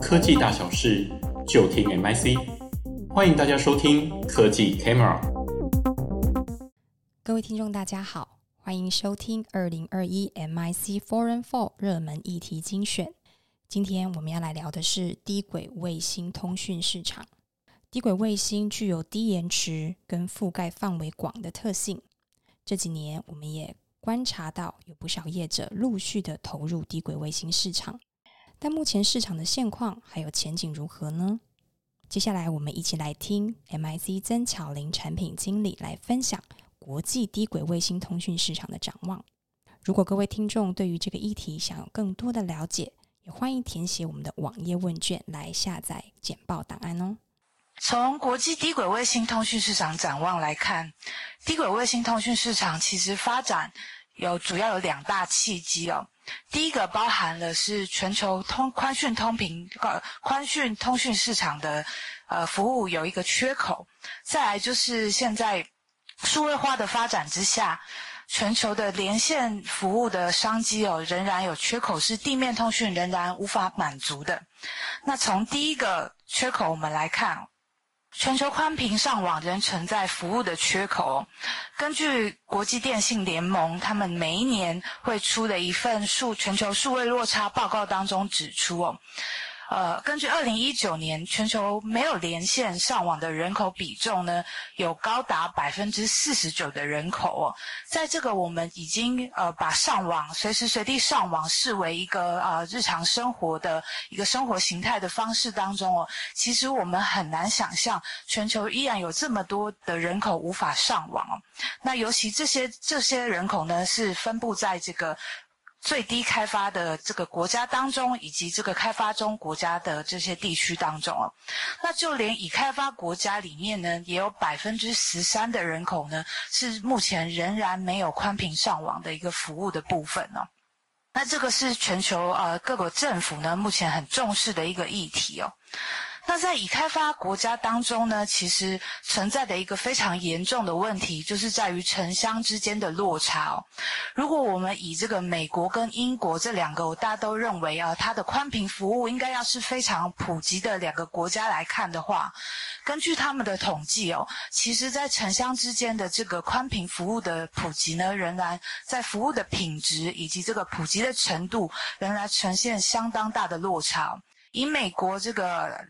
科技大小事就聽 MIC，歡迎大家收聽科技 Camera。各位聽眾大家好，歡迎收聽二零二一 MIC FORUM 熱門議題精選。今天我們要來聊的是低軌衛星通訊市場。低軌衛星具有低延遲跟覆蓋範圍廣的特性，這幾年我們也觀察到有不少業者陸續的投入低軌衛星市場。但目前市場的現況還有前景如何呢？接下來我們一起來聽 MIC 曾巧靈產品經理來分享國際低軌衛星通訊市場的展望。如果各位聽眾對於這個議題想有更多的了解，也歡迎填寫我們的網頁問卷來下載簡報檔案哦。從國際低軌衛星通訊市場展望來看，低軌衛星通訊市場其實發展。有，主要有兩大契機哦，第一個包含了是全球通寬訊通頻高寬頻通訊市場的呃服務有一個缺口，再來就是現在數位化的發展之下，全球的連線服務的商機哦仍然有缺口，是地面通訊仍然無法滿足的。那從第一個缺口我們來看哦。全球寬頻上網仍存在服務的缺口，根據國際電信聯盟，他們每一年會出的一份數全球數位落差報告當中指出哦。呃，根據二零一九年全球沒有連線上網的人口比重呢，有高達百分之四十九的人口哦，在這個我們已經呃把上網隨時隨地上網視為一個啊、呃、日常生活的一個生活形態的方式當中哦，其實我們很難想象全球依然有這麼多的人口無法上網哦，那尤其這些這些人口呢是分布在這個。最低開發的這個國家當中，以及這個開發中國家的這些地區當中哦，那就連已開發國家裡面呢，也有百分之十三的人口呢，是目前仍然沒有寬頻上網的一個服務的部分哦。那這個是全球呃各國政府呢，目前很重視的一個議題哦。那在已開發國家當中呢，其實存在的一個非常嚴重的問題，就是在於城鄉之間的落差哦。如果我們以這個美國跟英國這兩個，大家都認為啊，它的寬頻服務應該要是非常普及的兩個國家來看的話，根據他們的統計哦，其實，在城鄉之間的這個寬頻服務的普及呢，仍然在服務的品質以及這個普及的程度，仍然呈現相當大的落差。以美國這個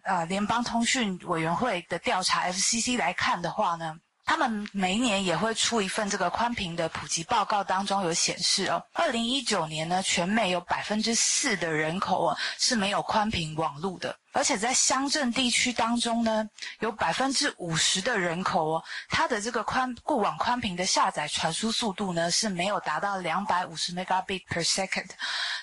呃聯邦通訊委員會的調查 FCC 來看的話呢，他們每一年也會出一份這個寬頻的普及報告，當中有顯示哦，二零一九年呢，全美有百分之四的人口哦，是沒有寬頻網絡的。而且在鄉鎮地區當中呢，有百分之五十的人口哦，它的這個寬固網寬頻的下載傳輸速度呢，是沒有達到兩百五十 Megabit per second，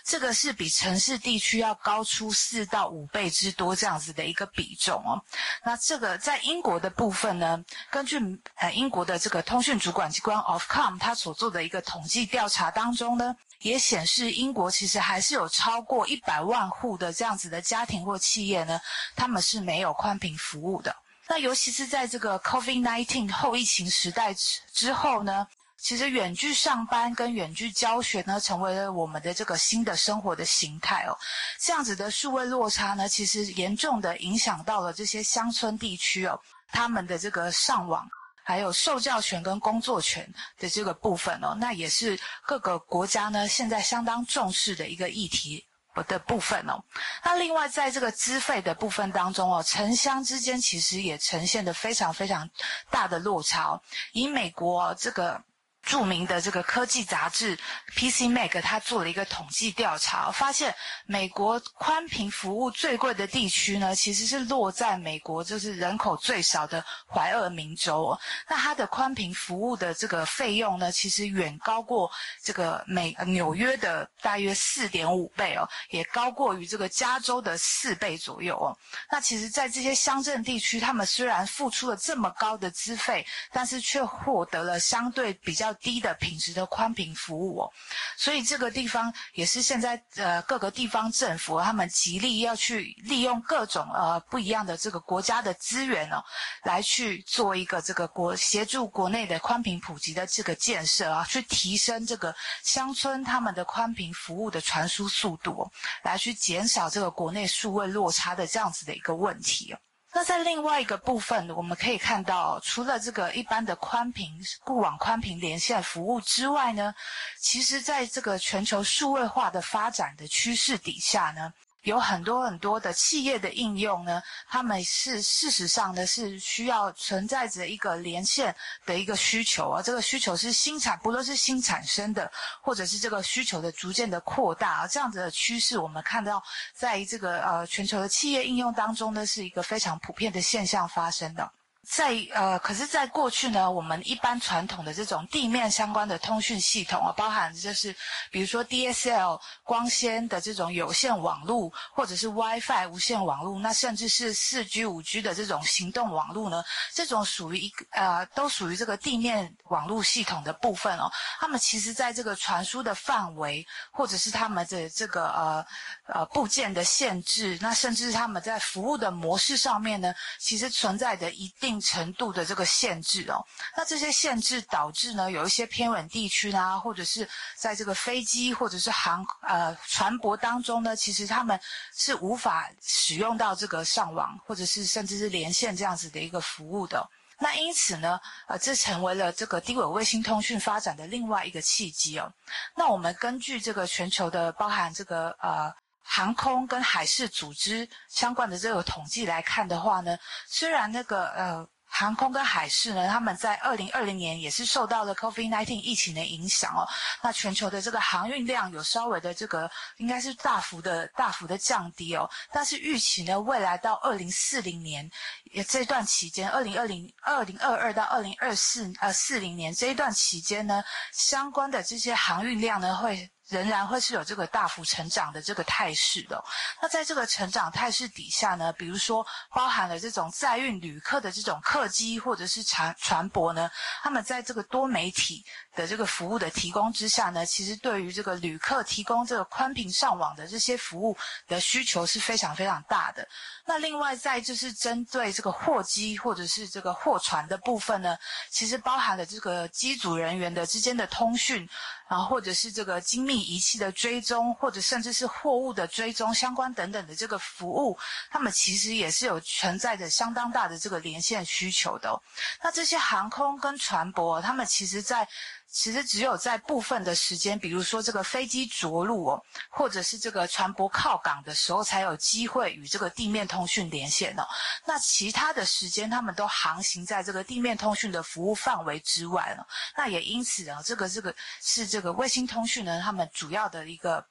這個是比城市地區要高出四到五倍之多這樣子的一個比重哦。那這個在英國的部分呢，根據呃英國的這個通訊主管機關 Ofcom 它所做的一個統計調查當中呢，也顯示，英國其實還是有超過一百萬戶的這樣子的家庭或企業呢，他們是沒有寬頻服務的。那尤其是在這個 COVID-19 後疫情時代之之後呢，其實遠距上班跟遠距教學呢，成為了我們的這個新的生活的形態哦。這樣子的數位落差呢，其實嚴重的影響到了這些鄉村地區哦，他們的這個上網。還有受教權跟工作權的這個部分哦，那也是各個國家呢現在相當重視的一個議題的部分哦。那另外在這個資費的部分當中哦，城鄉之間其實也呈現的非常非常大的落差。以美國哦，這個。著名的這個科技雜誌 PCMag，他做了一個統計調查，發現美國寬頻服務最貴的地區呢，其實是落在美國就是人口最少的懷俄明州哦，那它的寬頻服務的這個費用呢，其實遠高過這個美紐約的大約四點五倍哦，也高過於這個加州的四倍左右哦。那其實，在這些鄉鎮地區，他們雖然付出了這麼高的資費，但是卻獲得了相對比較。低的品質的寬頻服務哦，所以這個地方也是現在呃各個地方政府他們極力要去利用各種呃不一樣的這個國家的資源哦，來去做一個這個國協助國內的寬頻普及的這個建設啊，去提升這個鄉村他們的寬頻服務的傳輸速度哦，來去減少這個國內數位落差的這樣子的一個問題哦。那在另外一個部分，我們可以看到，除了這個一般的寬頻、固網寬頻連線服務之外呢，其實在這個全球數位化的發展的趨勢底下呢，有很多很多的企業的應用呢，他們是事實上呢是需要存在着一個連線的一個需求啊，而這個需求是新產，不論是新產生的，或者是這個需求的逐漸的擴大啊，這樣子的趨勢我們看到，在這個呃全球的企業應用當中呢，是一個非常普遍的現象發生的。在呃，可是，在過去呢，我們一般傳統的這種地面相關的通訊系統啊，包含就是比如說 DSL 光纖的這種有線網絡，或者是 WiFi 無線網絡，那甚至是四 G、五 G 的這種行動網絡呢，這種屬於一個呃，都屬於這個地面網絡系統的部分哦。它們其實在這個傳輸的範圍，或者是它們的這個呃呃部件的限制，那甚至它們在服務的模式上面呢，其實存在着一定程度的這個限制哦，那這些限制導致呢，有一些偏遠地區呢啊，或者是在這個飛機或者是航呃船舶當中呢，其實他們是無法使用到這個上網或者是甚至是連線這樣子的一個服務的哦。那因此呢，呃，這成為了這個低軌衛星通訊發展的另外一個契機哦。那我們根據這個全球的包含這個呃。航空跟海事組織相關的這個統計來看的話呢，雖然那個呃航空跟海事呢，他們在二零二零年也是受到了 COVID nineteen 疫情的影響哦，那全球的這個航運量有稍微的這個應該是大幅的大幅的降低哦。但是預期呢，未來到二零四零年也這段期間，二零二零二零二二到二零二四呃四零年這一段期間呢，相關的這些航運量呢會。仍然會是有這個大幅成長的這個態勢的哦。那在這個成長態勢底下呢，比如說包含了這種載運旅客的這種客機或者是船船舶呢，他們在這個多媒體的這個服務的提供之下呢，其實對於這個旅客提供這個寬頻上網的這些服務的需求是非常非常大的。那另外再就是針對這個貨機或者是這個貨船的部分呢，其實包含了這個機組人員的之間的通訊，啊，或者是這個精密儀器的追蹤，或者甚至是貨物的追蹤相關等等的這個服務，他們其實也是有存在着相當大的這個連線需求的哦。那這些航空跟船舶，他們其實，在。其實只有在部分的時間，比如說這個飛機着陸哦，或者是這個船舶靠港的時候，才有機會與這個地面通訊連線哦。那其他的時間，他們都航行在這個地面通訊的服務範圍之外哦。那也因此啊，這個這個是這個衛星通訊呢，他們主要的一個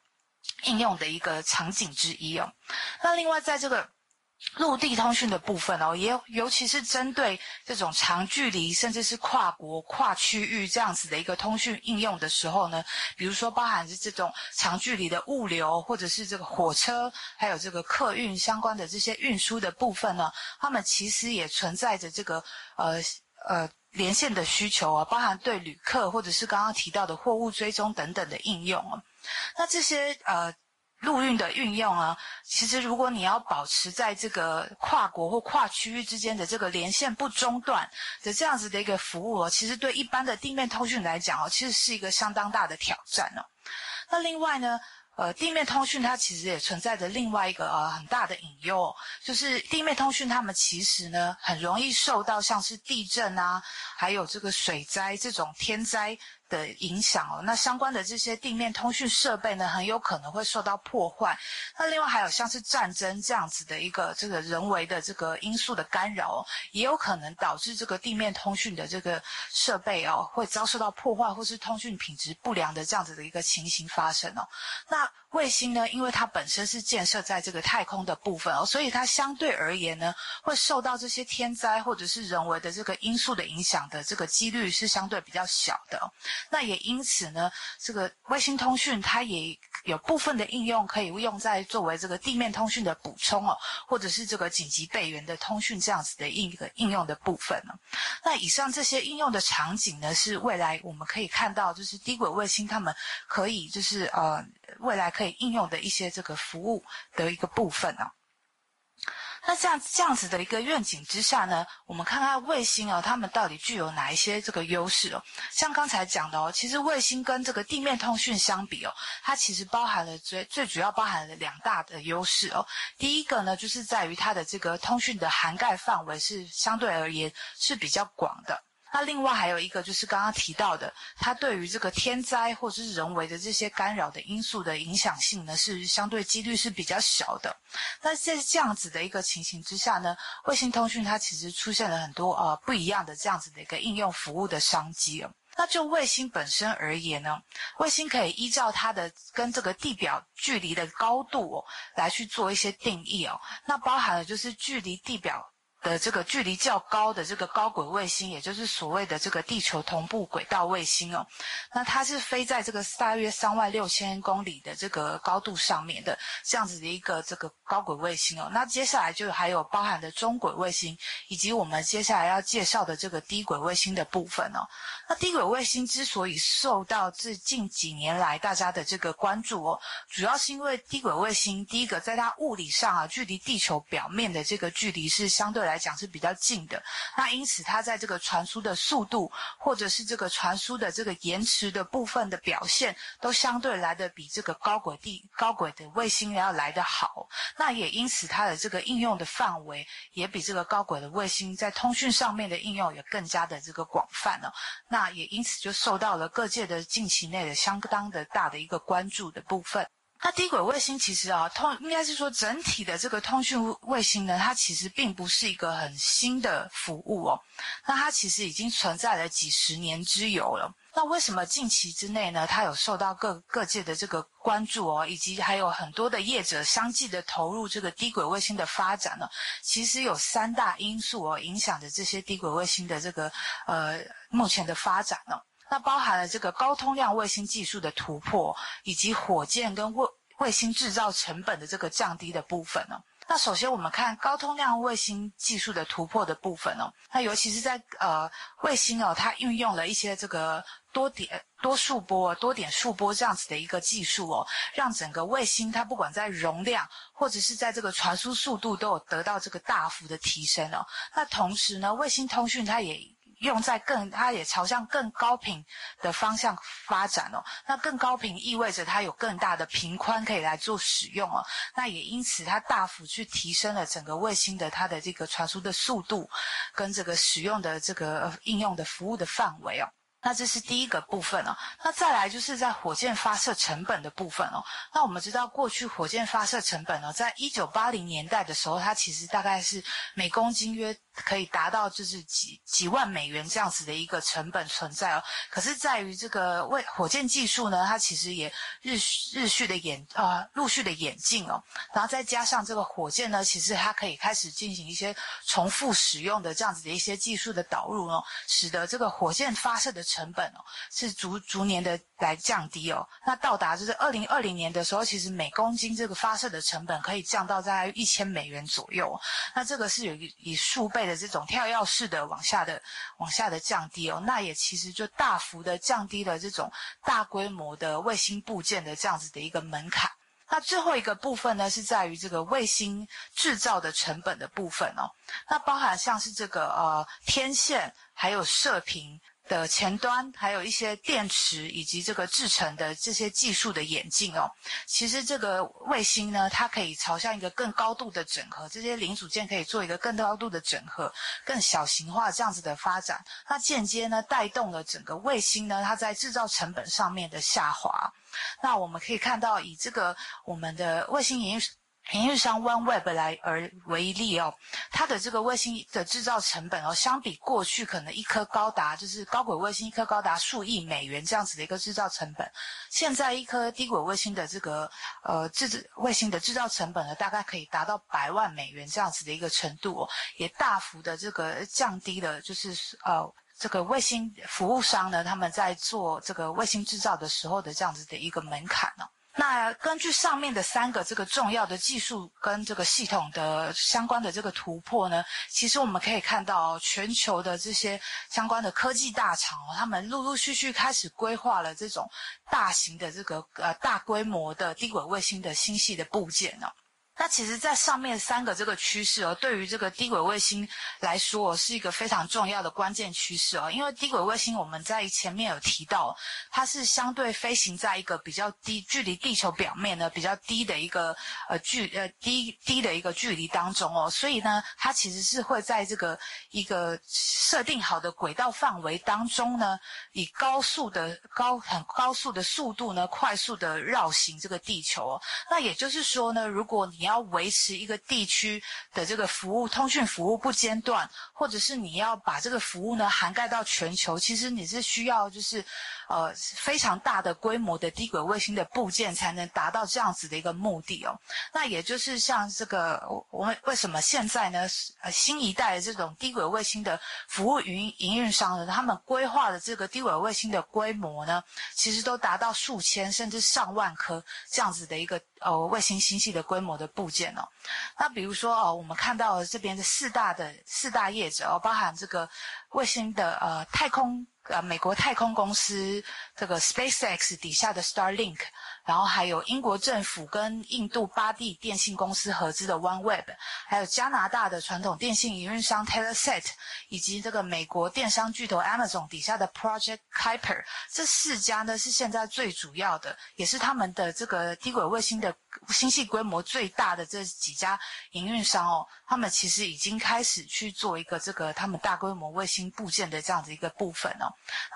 應用的一個場景之一哦。那另外在這個。陸地通訊的部分哦，也尤其是針對這種長距離，甚至是跨國、跨區域這樣子的一個通訊應用的時候呢，比如說包含是這種長距離的物流，或者是這個火車，還有這個客運相關的這些運輸的部分呢，他們其實也存在着這個呃呃連線的需求啊，包含對旅客，或者是剛剛提到的貨物追蹤等等的應用啊，那這些呃。陸運的運用啊，其實如果你要保持在這個跨國或跨區域之間的這個連線不中斷的這樣子的一個服務，其實對一般的地面通訊來講哦，其實是一個相當大的挑戰哦。那另外呢，呃，地面通訊它其實也存在着另外一個呃很大的隱憂哦，就是地面通訊它們其實呢很容易受到像是地震啊，還有這個水災，這種天災。的影響哦，那相關的這些地面通訊設備呢，很有可能會受到破壞。那另外還有像是戰爭這樣子的一個這個人為的這個因素的干擾哦，也有可能導致這個地面通訊的這個設備哦，會遭受到破壞或是通訊品質不良的這樣子的一個情形發生哦。那。衛星呢，因為它本身是建設在這個太空的部分哦，所以它相對而言呢，會受到這些天災或者是人為的這個因素的影響的這個幾率是相對比較小的。那也因此呢，這個衛星通訊它也有部分的應用可以用在作為這個地面通訊的補充哦，或者是這個緊急備援的通訊這樣子的一個應用的部分呢。那以上這些應用的場景呢，是未來我們可以看到，就是低軌衛星他們可以就是呃，未來可以。應用的一些這個服務的一個部分哦，那像這樣子的一個願景之下呢，我們看看衛星哦，他們到底具有哪一些這個優勢哦？像剛才講的哦，其實衛星跟這個地面通訊相比哦，它其實包含了最最主要包含了兩大的優勢哦。第一個呢，就是在於它的這個通訊的涵蓋範圍是相對而言是比較廣的。那另外還有一個就是剛剛提到的，它對於這個天災或者是人為的這些干擾的因素的影響性呢，是相對幾率是比較小的。那在這樣子的一個情形之下呢，衛星通訊它其實出現了很多呃不一樣的這樣子的一個應用服務的商機哦。那就衛星本身而言呢，衛星可以依照它的跟這個地表距離的高度哦，來去做一些定義哦。那包含了就是距離地表。的這個距離較高的這個高軌衛星，也就是所謂的這個地球同步軌道衛星哦，那它是飛在這個大約三萬六千公里的這個高度上面的這樣子的一個這個高軌衛星哦。那接下來就還有包含的中軌衛星，以及我們接下來要介紹的這個低軌衛星的部分哦。那低軌衛星之所以受到這近幾年來大家的這個關注哦，主要是因為低軌衛星第一個在它物理上啊，距離地球表面的這個距離是相對來。來講是比較近的，那因此它在這個傳輸的速度或者是這個傳輸的這個延遲的部分的表現，都相對來的比這個高軌地高軌的衛星要來得好。那也因此它的這個應用的範圍也比這個高軌的衛星在通訊上面的應用也更加的這個廣泛了哦。那也因此就受到了各界的近期內的相當的大的一個關注的部分。那低軌衛星其實啊，通應該是說整體的這個通訊衛星呢，它其實並不是一個很新的服務哦。那它其實已經存在了幾十年之久了。那為什麼近期之內呢，它有受到各各界的這個關注哦，以及還有很多的業者相繼的投入這個低軌衛星的發展呢？其實有三大因素哦，影響着這些低軌衛星的這個呃目前的發展呢。那包含了這個高通量衛星技術的突破，以及火箭跟衛衛星製造成本的這個降低的部分呢、哦。那首先我們看高通量衛星技術的突破的部分哦。那尤其是在呃衛星哦，它運用了一些這個多點多束波、多點束波這樣子的一個技術哦，讓整個衛星它不管在容量或者是在這個傳輸速度都有得到這個大幅的提升哦。那同時呢，衛星通訊它也。用在更，它也朝向更高頻的方向發展哦。那更高頻意味着它有更大的頻寬可以來做使用哦。那也因此，它大幅去提升了整個衛星的它的這個傳輸的速度，跟這個使用的這個應用的服務的範圍哦。那這是第一個部分哦。那再來就是在火箭發射成本的部分哦。那我們知道，過去火箭發射成本哦，在一九八零年代的時候，它其實大概是每公斤約。可以達到就是幾幾萬美元這樣子的一個成本存在哦。可是在於這個為火箭技術呢，它其實也日日續的演啊、呃，陸續的演進哦。然後再加上這個火箭呢，其實它可以開始進行一些重複使用的這樣子的一些技術的導入哦，使得這個火箭發射的成本哦是逐逐年的來降低哦。那到達就是二零二零年的時候，其實每公斤這個發射的成本可以降到大概一千美元左右。那這個是有以，以數倍。的這種跳躍式的往下的、往下的降低哦，那也其實就大幅的降低了這種大規模的衛星部件的這樣子的一個門檻。那最後一個部分呢，是在於這個衛星製造的成本的部分哦，那包含像是這個呃天線還有射頻。的前端，還有一些電池以及這個製程的這些技術的演進哦，其實這個衛星呢，它可以朝向一個更高度的整合，這些零組件可以做一個更高度的整合，更小型化這樣子的發展，那間接呢帶動了整個衛星呢，它在制造成本上面的下滑。那我們可以看到，以這個我們的衛星影。以上 OneWeb 來而為例哦，它的這個衛星的製造成本哦，相比過去可能一顆高達就是，高軌衛星一顆高達數億美元這樣子的一個製造成本，現在一顆低軌衛星的這個呃製造衛星的製造成本呢，大概可以達到百萬美元這樣子的一個程度，哦，也大幅的這個降低了就是呃這個衛星服務商呢，他們在做這個衛星製造的時候的這樣子的一個門檻呢，哦。那根據上面的三個這個重要的技術跟這個系統的相關的這個突破呢，其實我們可以看到全球的這些相關的科技大廠哦，他們陸陸續續開始規劃了這種大型的這個呃大規模的低軌衛星的星系的部件呢。那其實，在上面三個這個趨勢哦，對於這個低軌衛星來說哦，是一個非常重要的關鍵趨勢哦。因為低軌衛星，我們在前面有提到，它是相對飛行在一個比較低、距離地球表面呢比較低的一個呃距呃低低的一個距離當中哦。所以呢，它其實是會在這個一個設定好的軌道範圍當中呢，以高速的高很高速的速度呢，快速的繞行這個地球哦。那也就是說呢，如果你你要維持一個地區的這個服務，通訊服務不間斷，或者是你要把這個服務呢涵蓋到全球，其實你是需要就是呃非常大的規模的低軌衛星的佈建才能達到這樣子的一個目的哦。那也就是像這個我們為什麼現在呢呃新一代的這種低軌衛星的服務營營運商呢，他們規劃的這個低軌衛星的規模呢，其實都達到數千甚至上萬顆這樣子的一個呃衛星星系的規模的。部件哦，那比如說哦，我們看到這邊的四大的四大業者哦，包含這個衛星的呃太空呃美國太空公司這個 SpaceX 底下的 Starlink，然後還有英國政府跟印度巴蒂電信公司合資的 OneWeb，還有加拿大的傳統電信營運商 Telesat，以及這個美國電商巨頭 Amazon 底下的 Project Kuiper，這四家呢是現在最主要的，也是他們的這個低軌衛星的。星系規模最大的這幾家營運商哦，他們其實已經開始去做一個這個他們大規模衛星部件的這樣子一個部分哦。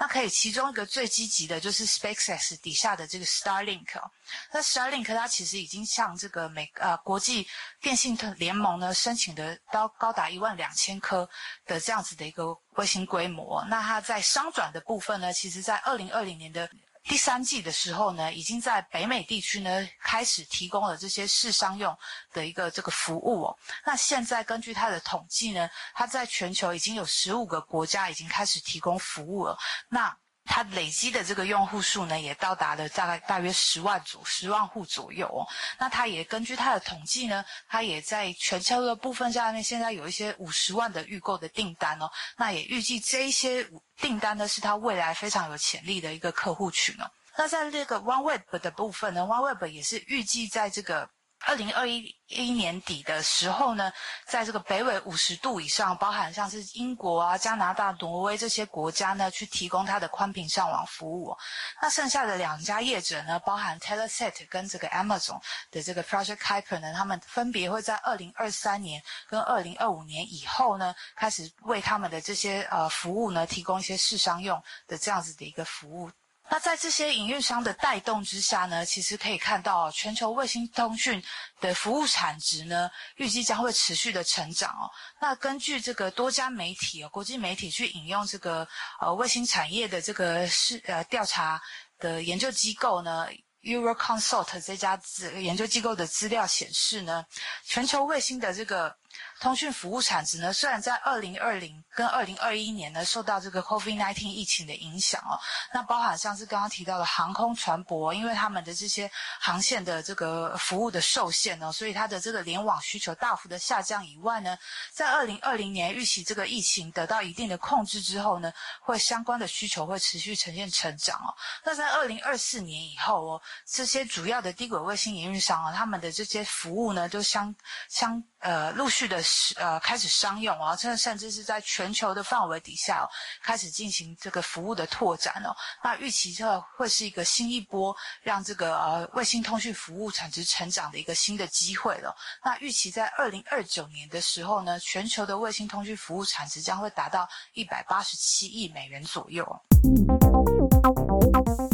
那可以，其中一個最積極的就是 SpaceX 底下的這個 Starlink 哦。那 Starlink 它其實已經向這個美呃國際電信特聯盟呢申請的高高達一萬兩千顆的這樣子的一個衛星規模。那它在商轉的部分呢，其實在二零二零年的。第三季的時候呢，已經在北美地區呢開始提供了這些試商用的一個這個服務哦。那現在根據它的統計呢，它在全球已經有十五個國家已經開始提供服務了。那它累積的這個用戶數呢，也到達了大概大約十萬組、十萬戶左右哦。那它也根據它的統計呢，它也在全球的部分下面，現在有一些五十萬的預購的訂單哦。那也預計這一些訂單呢，是它未來非常有潛力的一個客戶群哦。那在這個 OneWeb 的部分呢，OneWeb 也是預計在這個，二零二一一年底的時候呢，在這個北緯五十度以上，包含像是英國啊、加拿大、挪威這些國家呢，去提供它的寬頻上網服務。那剩下的兩家業者呢，包含 Telesat 跟這個 Amazon 的這個 Project Kuiper 呢，他們分別會在二零二三年跟二零二五年以後呢，開始為他們的這些呃服務呢，提供一些試商用的這樣子的一個服務。那在這些營運商的帶動之下呢，其實可以看到全球衛星通訊的服務產值呢，預計將會持續的成長哦。那根據這個多家媒體、國際媒體去引用這個呃衛星產業的這個是呃調查的研究機構呢，Euroconsult 這家資研究機構的資料顯示呢，全球衛星的這個。通訊服務產值呢，雖然在二零二零跟二零二一年呢，受到這個 COVID nineteen 疫情的影響哦，那包含像是剛剛提到的航空船舶，因為他們的這些航線的這個服務的受限哦，所以它的這個聯網需求大幅的下降以外呢，在二零二零年預期這個疫情得到一定的控制之後呢，會相關的需求會持續呈現成長哦。那在二零二四年以後哦，這些主要的低軌衛星營運商啊，他們的這些服務呢，就相，相，呃，陸續的。是呃，開始商用啊，甚至甚至是在全球的範圍底下，哦，開始進行這個服務的拓展哦。那預期這會是一個新一波讓這個呃衛星通訊服務產值成長的一個新的機會了哦。那預期在二零二九年的時候呢，全球的衛星通訊服務產值將會達到一百八十七億美元左右。